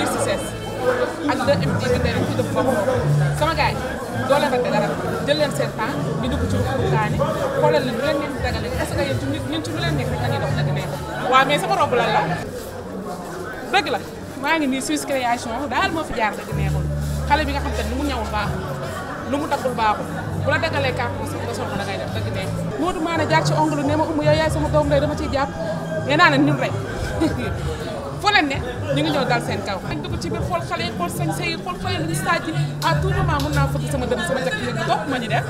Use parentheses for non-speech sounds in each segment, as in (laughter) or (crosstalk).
biir succès ak 2MD bi tey rek ñu sama gars doo leen rate dara jël leen seen temps ñu dugg ci waxtaani xoolal leen lu leen leen dagale parce que yéen ci ñun ci leen nekk rek la ñuy mais sama robe lan la dëgg la maa ngi nii Suisse création daal moo fi jaar dëgg neexul bi nga xam te ni mu nga sol maa ne jaar ci ongle ne ma umu yow yaay sama doom lay dama ciy jàpp nee naa ne ñun rek. (laughs) fu leen ñu ngi ñëw dal seen kaw dañ dugg ci biir xool xale yi xool sañ-sañ yi xool xale yi lu ñu saaj à tout moment mën naa fëgg sama dënn sama njëkk léegi def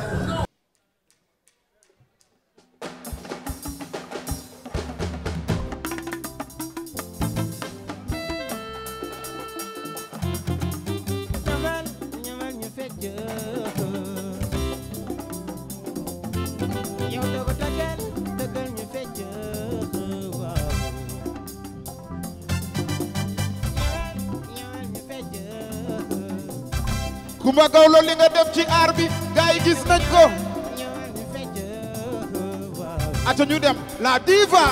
Kumba Gawlo li nga def ci aar bi gaay yi gis nañ ko aca ñu dem la diva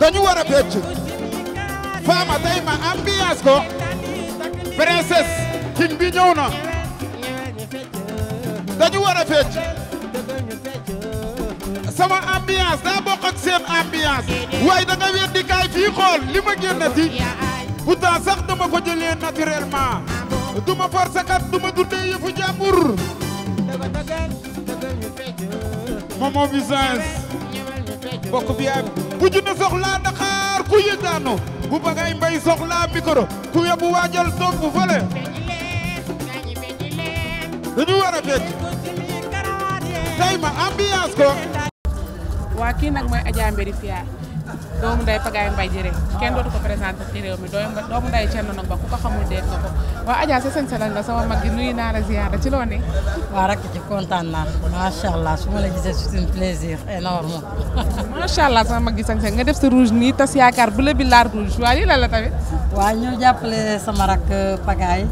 dañu war a fecc faama tey ma ambiance ko princesse king bi ñëw na dañu war a fecc sama ambiance daa bokk ak seen ambiance waaye da nga weddi kaay fii xool li ma génnati pourtant sax dama ko jëlee naturellement du ma force kat du ma dundee yëfu jàmbur moom moo visage bokk bi ay bu junne soxlaa Dakar ku yëgaano bu bagay mbay soxlaa micro ku yóbbu waajal toog bu fële dañu war a fecc tey ko doomu day Pagaye Mbaye jërë kenn dootu ko présenté ci réew mi doomu nday Thierno Ndong Ba ku ko xamul dégg nga ko waaw sa sañ lan la sama mag gi nuyu naa la ziyaara ci loo ne waaw rakk ci kontaan naa macha allah su la gisee c'est un plaisir énorme (laughs) macha allah sama mag gi sañ nga def sa rouge nii tas yaakaar bu la bi laar rouge waaw lii la la tamit waaw ñoo jàppale sama rakk Pagaye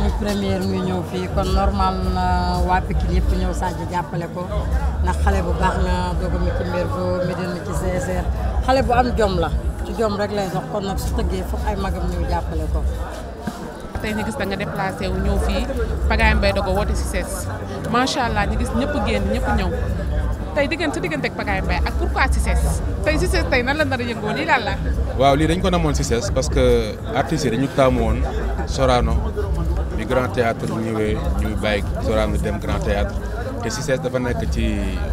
muy première muy ñëw fii kon normal na waa Pikine yëpp ñëw Sadio jàppale ko ndax xale bu baax na doog a ci mbir ba ci CSR xale bu am jom la ci jom rek lay dox kon nag su tëggee foog ay magam ñëw jàppale ko. tey ñu gis da nga déplacé wu ñëw fii Pagaye ko Dogo woote si sees macha allah ñu gis ñëpp génn ñëpp ñëw tey diggante sa diggante ak Pagaye Mbaye ak pourquoi si sees tey si sees tey nan la nar a yëngoo lii laal la. waaw lii dañ ko namoon si sees parce que artistes yi dañu taamu woon Sorano. grand théâtre ñëwee ñuy bàyyi Sorano dem grand théâtre te Cissesse dafa nekk ci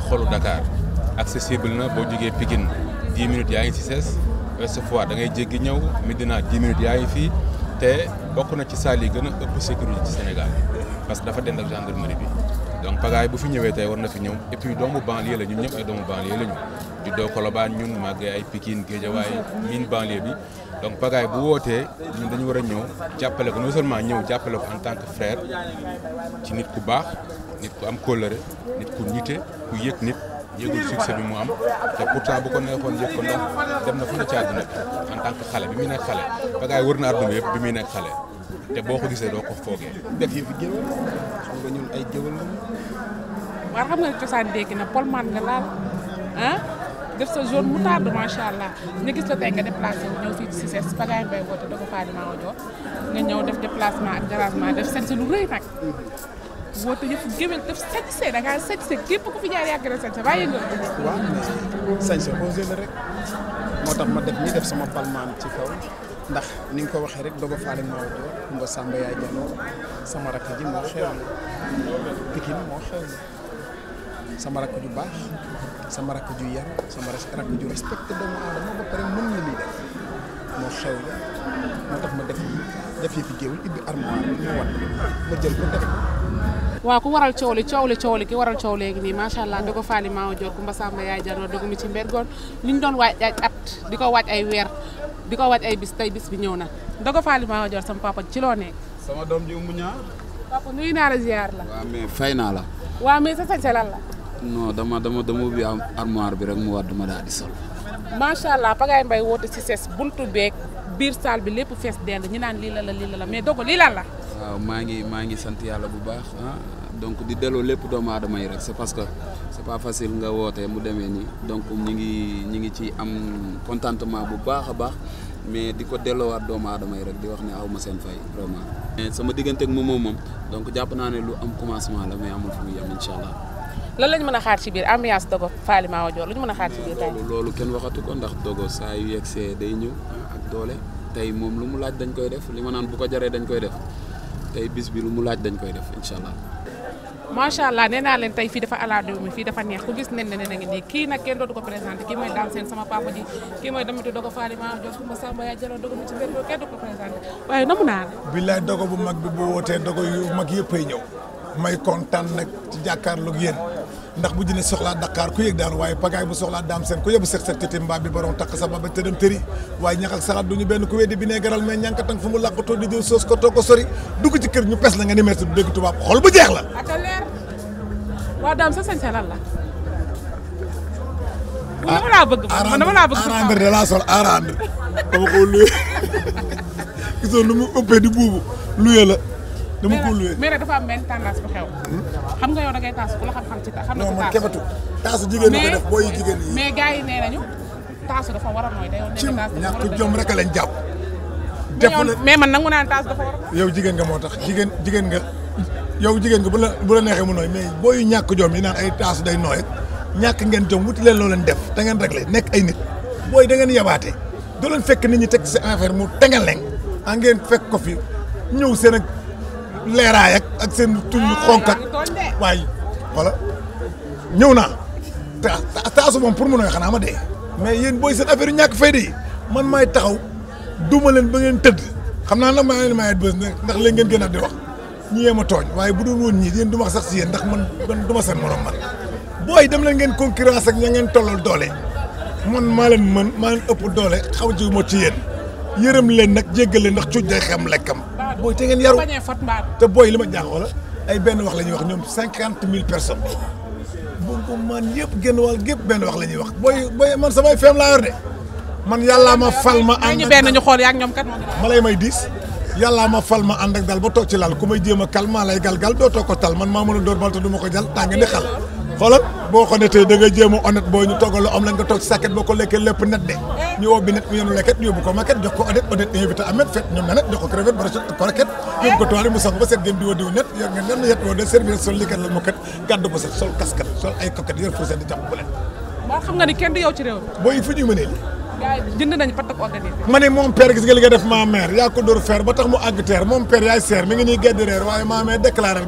xolu Dakar accessible na boo jógee Pikine 10 minutes yaa ngi Cissesse Ouest Foire da jéggi ñëw Médina 10 minutes yaa ngi fii te bokk na ci salle yi gën a ëpp sécurité ci Sénégal parce que dafa dend ak gendarmerie bi donc pagaay bu fi ñëwee tey war na fi ñëw et puis doomu banlieue la ñun ñëpp ay doomu banlieue la ñu juddoo ñun màggee ay Pikine Guédiawaye miin banlieue bi donc pagaay bu wootee dañu war a ñëw jàppale ko non seulement ñëw jàppale ko en tant que ci nit ku baax nit ku am kóllëre nit ku nite ku yëg nit yëgul succès bi mu am te pourtant bu ko neexoon yëg ko ndax dem na fu ne ci àdduna en tant que xale bi muy nekk xale pagaay wër na àdduna yëpp bi muy nekk xale te boo ko gisee doo ko foogee. def yi fi géwël xam nga ñun ay cosaan dégg na polman nga laal def sa zone mu tàdd macha allah ñu gis la tey nga déplacé wu ñëw fii ci Cissé Pagaye woote dogo Fadima Odior nga ñëw def déplacement ak dérangement def set lu rëy nag. woote yëpp géwél def sañse da ngaa sañse képp ku fi jaar yàgg na sañse bàyyi nga. waaw rek moo tax ma def ni def sama palmaan ci kaw ndax ni nga ko waxee rek dogo Fadima Odior Kumba Samba yaay janoo sama rakk ji moo xew Pikine sama rakk ju bax sama rakk ju yar sama rakk ju respect respecté mo aadama ba pare mën na lii def mo xew mo tax ma def def yi fi géewul ibi armoire ñu wat ma jël ko def wa ku waral ciowli ciowli ciowli ki waral coow ni ma sha allah dogo fali ma maawo jor kumba ma yaay janoo dogu mi ci mbergoon liñ doon waaj ay at diko waaj ay wer diko waaj ay bis tay bis bi ñëw na dogo ma maawo jor sama papa ci lo nek sama dom ji umu ñaar papa nuyu naa la ziar la wa mais fayna la wa mais sa sa lan la non dama dama dama am armoire bi rek mu war dama daal sol. macha allah Pagaye Mbaye woote si ses buntu beeg biir salle bi lépp fees dell ñu naan lii la la lii la la mais dogo lii lan la. waaw maa ngi maa ngi sant yàlla bu baax ah donc di delloo lépp doomu aadama yi rek c'est parce que c'est pas facile nga woote mu demee nii donc ñu ngi ñi ngi ci am contentement bu baax a baax mais di ko delloowaat doomu adama yi rek di wax ne aw ma seen fay vraiment. mais sama diggante ak moom moom donc jàpp naa ne lu am commencement la mais amul fu lan lañ mën a xaar ci biir ambiance Dogo Faly Mawo Dior lu ñu a xaar ci biir tey. loolu kenn waxatu ko ndax Dogo saa yu yegsee day doole tey moom lu mu laaj dañ koy def li ma naan bu ko jaree dañ koy def tey bis bi lu mu laaj dañ koy def incha allah. macha allah nee naa leen tey fii dafa ala fii dafa neex ku gis nen ne ne ngi nii kii nag kenn dootu ko présenté kii sama papa ji kii mooy damitu Dogo Faly Mawo Dior Kumba Samba yaa jëloo waaye namu naa la. billaay Dogo bu mag bi bu wootee Dogo yu mag yëppay ñëw may kontaan nag ci jàkkaarloog yéen ndax bu jine soxla Dakar ku yëg daan waye pagay bu soxla dam sen ku yebu sex sex titi mbaa bi borom tak sa baba tëdam tëri waye ñak ak saxaat duñu benn ku weddi bi ne garal mais ñànkatang fu mu làqatoo di jëw sos ko toog ko sori dugg ci kër ñu pes la nga ni merci du dégg xol bu jeex la aka leer wa dam sa sañ sa la ah, dama laa bëgg man dama laa bëgg arandre de la sol arandre dama ko luye (laughs) gisoo lu mu ëppee di buubu luye dama ko luwee mais dafa am benn tendance bu xam nga yow da ngay taasu ku la xam-xam ci man kebatu taasu jigéen ñi ko def booy jigéen ñi. mais gars yi nee nañu dafa war a nooy day woon. nee na taasu dafa war a ñàkk mais man nangu naan taasu dafa yow jigéen nga moo tax jigéen jigéen nga yow jigéen nga bu la bu la neexee mu nooy mais booy ñàkk jom yi naan ay taasu day nooy ñàkk ngeen jom wuti leen loo leen def da ngeen réglé nekk ay nit booy da ngeen yabaate doo leen fekk nit ñu teg ci affaire mu tengal leen a ah, ngeen fekk ko fii ñëw seen leeraay ak ak seen tuñ xonk ak waaye voilà ñëw naa te taasu moom pour mu a xanaa ma dee mais yéen booy seen affaire yu ñàkk fayda man may taxaw duma leen ba ngeen tëdd xam naa na maa ngi leen mayet bés ndax léegi ngeen gën a di wax ñi yee ma tooñ waaye bu doon woon ñii yéen du ma sax si yéen ndax man man seen morom man booy dem leen ngeen concurrence ak ña ngeen tollal doole man maa leen mën maa leen ëpp doole xaw jiw moo ci yéen yërëm leen nag jéggale ndax cuuj day xam lekkam. booy te ngeen yaru te booy li ma jaaxoo la ay benn wax la ñuy wax ñoom cinquante mille personnes. bu ko man yëpp génn wàll gépp benn wax la ñuy wax booy booy man samay feem laa yor de. man yàlla ma fal ma ànd ak benn ñu xool yaa ñoom ma lay may diis yàllaa ma ma ànd ak daal ba toog ci laal ku may jéem a kal maa lay gal gal doo ko tal man maa mën a door bal te du ma ko jal tàng ne xal. xoolal boo honnêté da nga jéem a honnête boo ñu togal am lañ ko tok saket boko ko lepp net de ñu woo bi net ñu yenu ñu bu ko maket jox ko honnête honnête invité amet fet ñu na net jox ko crevette brochette ko raket ñu ko toali mu sax ba set gem di wodi net yo nga nenn yet woo de servir sol likat la moket gaddu ba set sol kaskat sol ay coquette koket fu set di jàpp bu len ba xam nga ni kenn du yow ci réew booy fu ñu mëne li jënd nañ patak organisé ma ne moom père gis nga li def ma yaa ko dóor fer ba tax mu àgg teer moom père yaay seer mi ngi ñuy gedd waaye ma mère déclaré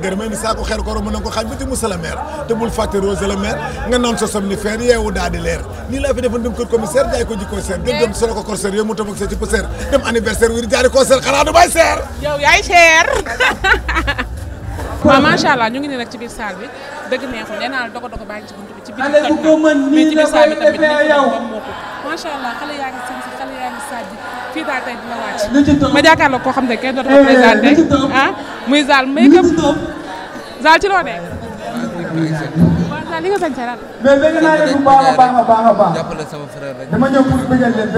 saako xeer koro mën na ko xaaj ba ci Moussa la maire te bul fàtte Rose la maire nga naan sa somnifère yeewu daal leer nii laa fi defan dem kër commissaire jaay ko jikkoo seer dem solo ko corsaire yooyu mu tafak sa seer xanaa yaay seer waaw allah ñu ngi ne ci biir salle bi dëgg neexul nee naa macha allah xale yaa ngi sëñ si xale yaa fii daal tey ma jàkkaarloo koo xam ne kenn ah muy Zal make-up Zal ci loo nekk. waaw Zal li nga sañ sa lan. mais bëgg naa a a ñëw pour bëggal leen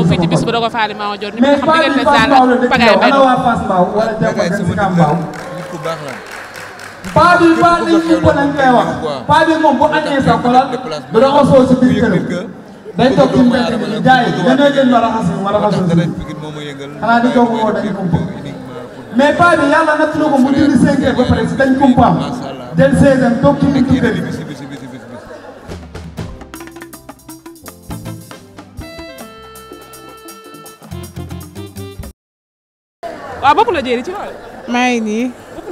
benn fii ci bis bu doog a faali maa jot. ni nga xam diggante Zal ak Pagaye Mbaye. wala Pagaye sama diggante nit ku baax la. paa bi paa bi ñu ko lañ koy wax paa bi moom bu añee sax xoolal du raxasoo si biir këram day toog ci mbedd mi gars yi dañoo jël ma raxas ma raxasoo si xanaa di toog woo dañ kumpa mais paa bi yàlla natt ko mu julli cinq ba pare si dañ kumpaam jël seize heures toog ci biir bi waaw bokk na jéeri ci nii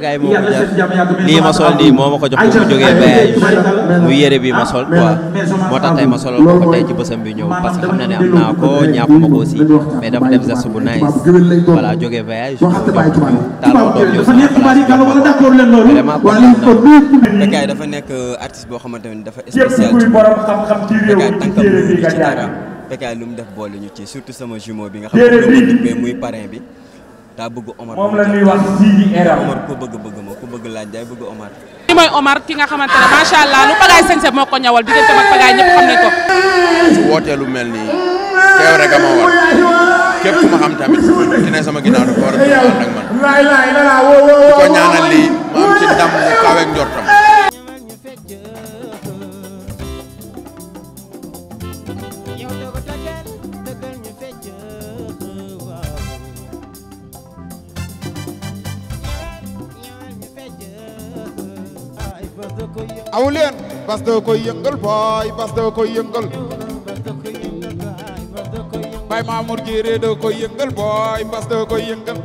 gars yi moom lii moo ma ko jox bu jógee voyage bu bi ma sol moo tax tey ma solal ko ko tey bi ñëw parce que xam na ne am naa ko ma ko aussi mais dafa def geste bu nice voilà jógee voyage ñëw ma doon ñëw vraiment dafa nekk euh, artiste boo xamante ne dafa spécial Becaye tànkam ci dara Becaye lu mu def boole ñu ci surtout sama jumeau bi nga xam ne moom muy parrain bi daa bëgg Omar moom bëgg bëgg ma bëgg Omar. ki mooy Omar ki nga xamante ne allah lu Pagaye sañse moo ko ñawal diggante mag Pagaye ñëpp xam nañ ko. su wootee lu mel nii teew rek a war képp ku ma xam tamit dina sama ginnaaw dafa war a ànd ak man. da koy yëngal baay bas da koy yëngal baay Mamour Diéré da koy yëngal baay bas da koy yëngal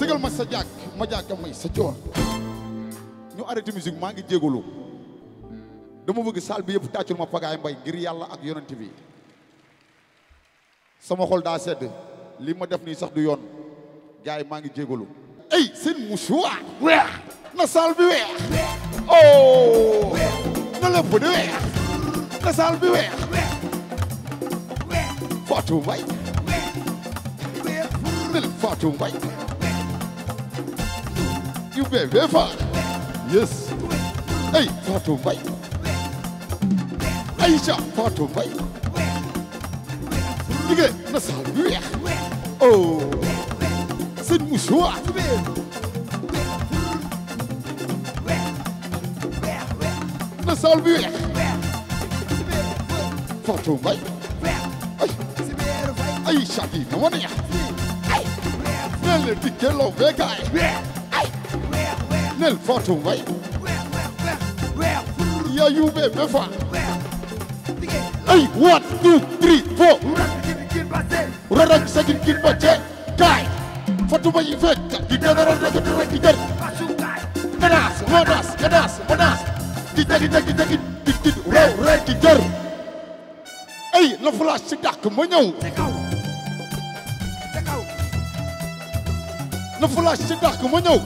sigal ma sa jàkk ma jàkk may sa joor ñu arrêté musique maa ngi jégalu dama bëgg salle bi yëpp tàccul ma pagaay mbay ngir yàlla ak yonent bi sama xol daa sedd li ma def nii sax du yoon gars maa ngi jégalu ay seen mouchoir weex na salle bi weex oh na lépp di weex na saal bi weex Fatou Mbaye nil Fatou Mbaye yu bee bee faal yes ay Fatou Mbaye Aïcha Fatou Mbaye liggéey na saal bi weex oh seen mouchoir sol bi weex Fatou Mbaye ay Shadi na ma neex nel le dikke lo vegay nel Fatou Mbaye ya yube me fa ay one two three four rarak sagin kin bace kay Fatou Mbaye fekk di dara dara dara di dara kadas modas kadas modas di dagi dagi dagi di di rew rew di jër ay la flash si dàq ma ñëw te kaw te kaw la flash si dàq ma ñëw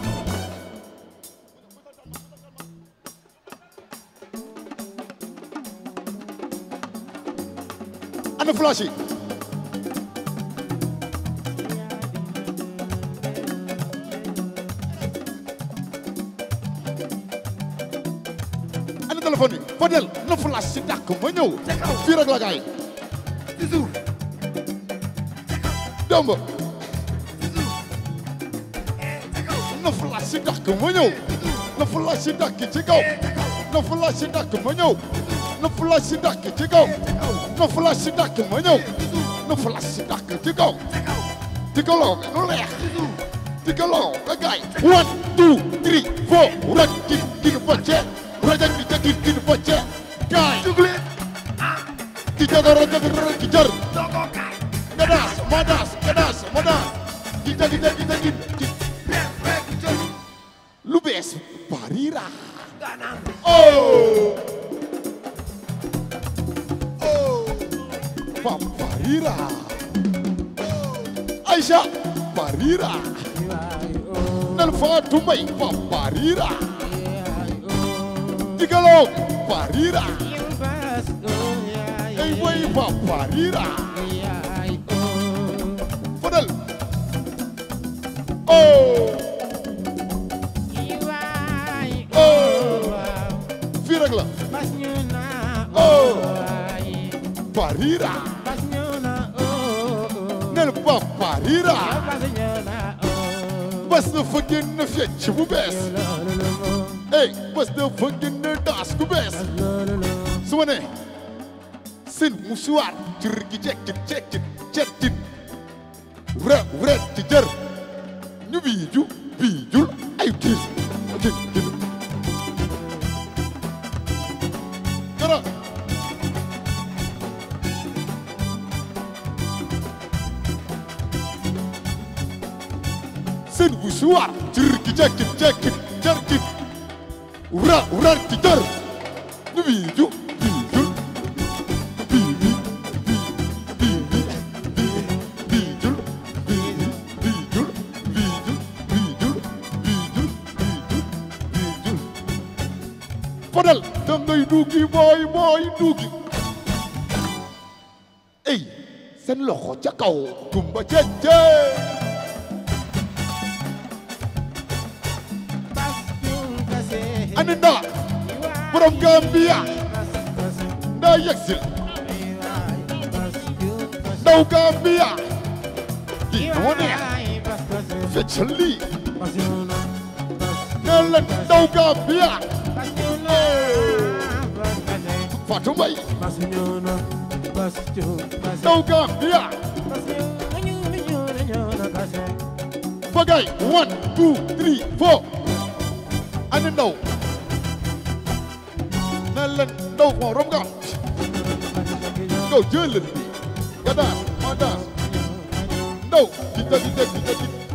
ana flash yi fadel na flash si dàq ma ñëw fii rek la gaay ci suuf démb na flash eh, si dàq ma ñëw na flash si dàq ci kaw na flash si dàq ma ñëw na flash si dàq eh, ci kaw na flash si dàq ma ñëw na flash si dàq gaay one two three four rek ci digg ba ceeb titin pojok Gai Cuklit Dijaga raja kejar gijar Tokokai Kedas, madas, kedas, madas Gijar, gijar, gijar, gijar Lubes, parira Ganang Oh Oh Barira oh. Aisyah parira oh. Nalfa Dumai Parira Digalong parira ay way fa parira fadal oh oh fii rek la oh nel ba parira bas na fa génn fecc bu bees hey bés dafa génne daas ku bees su ma ne sin musuwaar jër gi cekkit cekkit cekkit wre wre ci jër ñu biiju biijul ay tiis gin gin gara sin musuwaar jër gi cekkit cekkit cekkit Ura, ura, titar. Nu vídeo, vídeo. Vídeo, vídeo, vídeo, vídeo, vídeo, vídeo, vídeo, vídeo, vídeo. Fadal, também dugi, vai, vai, dugi. Ei, sen loxo ca kaw, gumba cece. candidat borom Gambia daa yegsil daw Gambia lii moo neex feccal lii nee leen daw Gambia Fatou đầu. daw Gambia bagay one two three four ana ndaw Go, come on, Rome, go. Go, do a little bit. Get down, come on